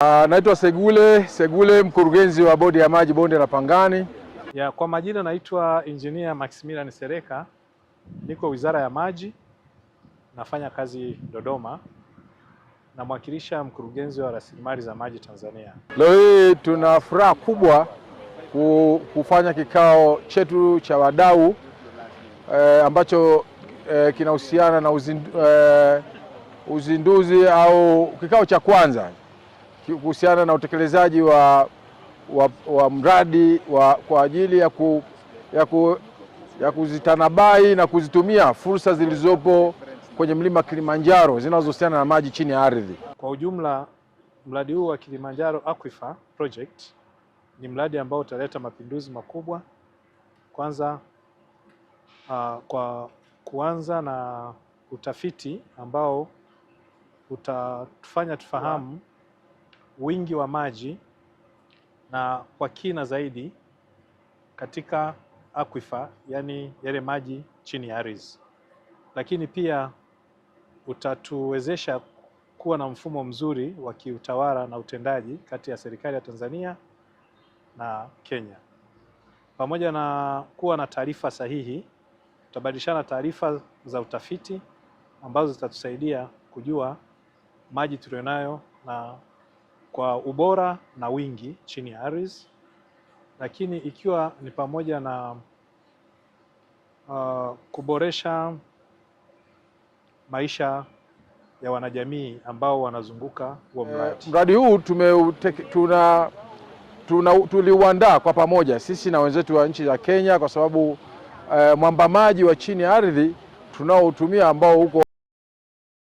Ah, naitwa Segule Segule, mkurugenzi wa bodi ya maji bonde la Pangani. Ya, kwa majina naitwa Engineer Maximilian Sereka, niko Wizara ya Maji, nafanya kazi Dodoma, namwakilisha mkurugenzi wa rasilimali za maji Tanzania. Leo hii tuna furaha kubwa kufanya kikao chetu cha wadau eh, ambacho eh, kinahusiana na uzindu, eh, uzinduzi au kikao cha kwanza kuhusiana na utekelezaji wa, wa, wa mradi wa, kwa ajili ya, ku, ya, ku, ya kuzitanabai na kuzitumia fursa zilizopo kwenye mlima Kilimanjaro zinazohusiana na maji chini ya ardhi. Kwa ujumla, mradi huu wa Kilimanjaro Aquifer Project ni mradi ambao utaleta mapinduzi makubwa kwanza, uh, kwa kuanza na utafiti ambao utatufanya tufahamu wingi wa maji na kwa kina zaidi katika aquifer, yani yale maji chini ya ardhi, lakini pia utatuwezesha kuwa na mfumo mzuri wa kiutawala na utendaji kati ya serikali ya Tanzania na Kenya. Pamoja na kuwa na taarifa sahihi, tutabadilishana taarifa za utafiti ambazo zitatusaidia kujua maji tulionayo na kwa ubora na wingi chini ya ARIS, lakini ikiwa ni pamoja na uh, kuboresha maisha ya wanajamii ambao wanazunguka huo eh, mradi. E, mradi huu tuna, tuna, tuliuandaa kwa pamoja sisi na wenzetu wa nchi za Kenya kwa sababu e, eh, mwamba maji wa chini ya ardhi tunaotumia ambao huko